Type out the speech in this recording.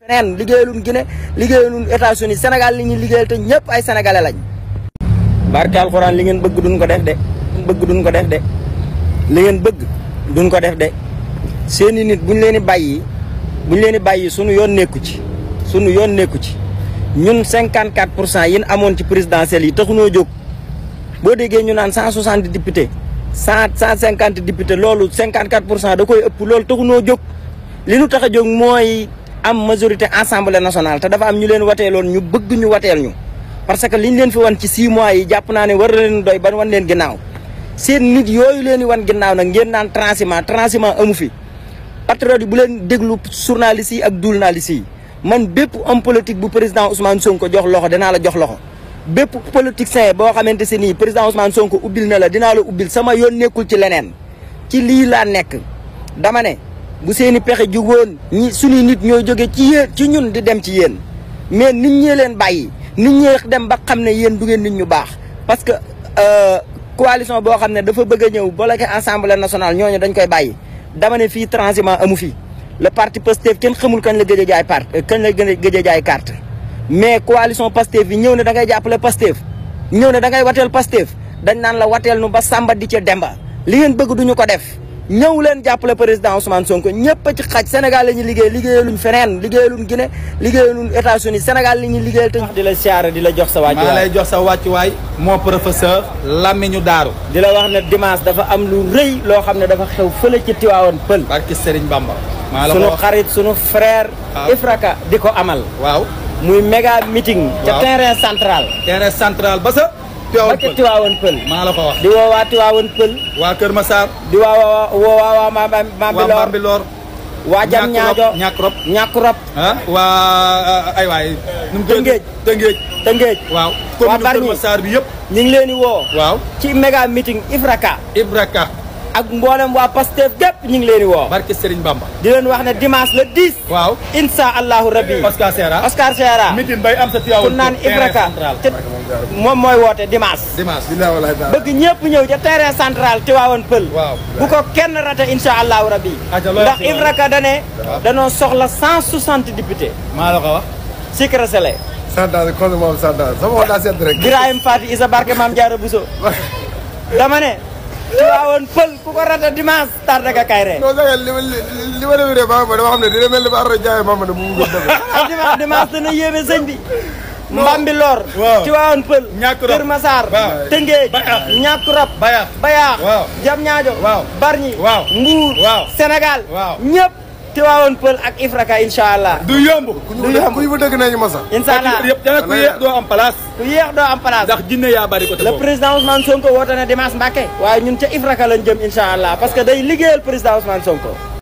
feneen liggéeyalun Guinée liggéeyalun États-Unis Sénégal li ñuy liggéeyal te ñëpp ay sénégalais lañ. barke alxuraan li ngeen bëgg duñ ko def de bëgg duñ ko def de li ngeen bëgg duñ ko def de seeni nit buñ leen di bàyyi buñ leen di bàyyi sunu yoon nekku ci sunu yoon nekku ci ñun 54 pour cent yin amoon ci présidentielles yi taxunoo jóg boo déggee ñu naan 160 députés. cent cent cinquante député loolu cinquante quatre pour cent da koy ëpp loolu taxunoo jóg li nu tax a jóg mooy am majorité assemblée nationale te dafa am ñu leen wateeloon ñu bëgg ñu wateel ñu parce que liñ leen fi wan ci six mois yi jàpp naa ne war leen doy ba wan leen ginnaaw seen nit yooyu leen di wan ginnaaw nag ngeen naan transiment transiment amu fi patriote yi bu leen déglu journaliste yi ak journaliste yi man bépp homme politique bu président Ousmane Sonko jox loxo dinaa la jox loxo bépp politicien boo xamante si nii président Ousmane Sonko ubbil na la dinaa la sama yoon nekkul ci leneen ci lii laa nekk dama ne bu seeni pexe jugoon ñi suñuy nit ñoo jóge ci yéen ci ñun di dem ci yéen mais nit ñee leen bàyyi nit ñee dem ba xam ne yéen du ngeen nit ñu baax parce que euh, coalition boo xam ne dafa bëgg a ñëw bloqué ensemble national ñooñu dañ koy bàyyi dama ne fii transiment amu fi le parti Pastef kenn xamul kañ la gëj a jaay part euh, kañ la gëj a jaay carte mais coalition Pastef bi ñëw ne da ngay jàppale Pastef ñëw ne da ngay wateel Pastef dañ naan la wateel nu ba Samba di ca Demba li ngeen bëgg duñu ko def ñëw leen jàppale président Ousmane Sonko ñëpp a ci xaj Sénégal la ñuy liggéey liggéeyaluñ feneen liggéeyaluñ Guinée liggéeyaluñ États-Unis Sénégal la ñuy liggéeyal te. di la siyaare di la jox sa wàccuwaay maa lay jox sa wàccuwaay moo professeur Lamine Daaru di la wax ne dimanche dafa am lu rëy loo xam ne dafa xew fële ci Tiwaawoon Pël. barke Serigne Bamba. maa la ko wax sunu xarit sunu frère. Ah. Ifraka di ko amal. waaw muy méga meeting. ca terrain central. terrain central ba sa. Tiwaawan Pël Tiwaawan Pël maa ko wax di woo waa Pël waa Kër Massar di waa woo waa waa Mambilor waa jam ñaajo ñàkk rob ñàkk rob waa eh, tëngéej tëngéej tëngéej waaw commune Kër Massar bi yëpp ñu ngi leen di woo waaw ci méga meeting Ibraka Ibraka ak mboolem waa Pastef gépp ñu ngi leen di woo. barke Serigne Bamba. di leen wax ne dimanche le 10. waaw incha allahu rabbi. Oscar Seera Oscar Seera. mitin bay am sa Tivaouane naan Ibraka te moom mooy woote dimanche. dimanche billaahi wallaahi bëgg ñëpp ñëw ca terrain central Tivaouane Pël. waaw bu ko kenn rate incha allahu rabbi. ndax Ibraka da ne. soxla 160 députés. maa la ko wax. Sikra Sele. santaane kon Isa Barke maam Diarra Bousso dama ne. waawoon pël ku ko rata dimanche tardé ka kay rek. non sax li ma li ma demee ba ma dama xam ne dina mel ni ma Ardo Ndiaye ma ma ne mu ngi gën a ah, dimanche dimanche dana yéeme sëñ bi. Mbambilor. waaw Tivaouane Pël. Ñàkkurab Kër Massar. waaw Tëngéej. Bayaax Ñàkkurab. Bayaax Bayaax. waaw Tiwaawoon Pël ak Ifraka incha allah. du yomb ku ñu allah yëpp dana ku yéex doo am place. ku yéex doo am place. ndax jinne yaa bari côté boobu. le président Ousmane Sonko woote na dimanche Mbacke. waaye ñun ca Ifraka lañ jëm incha parce que day liggéeyal président Ousmane Sonko.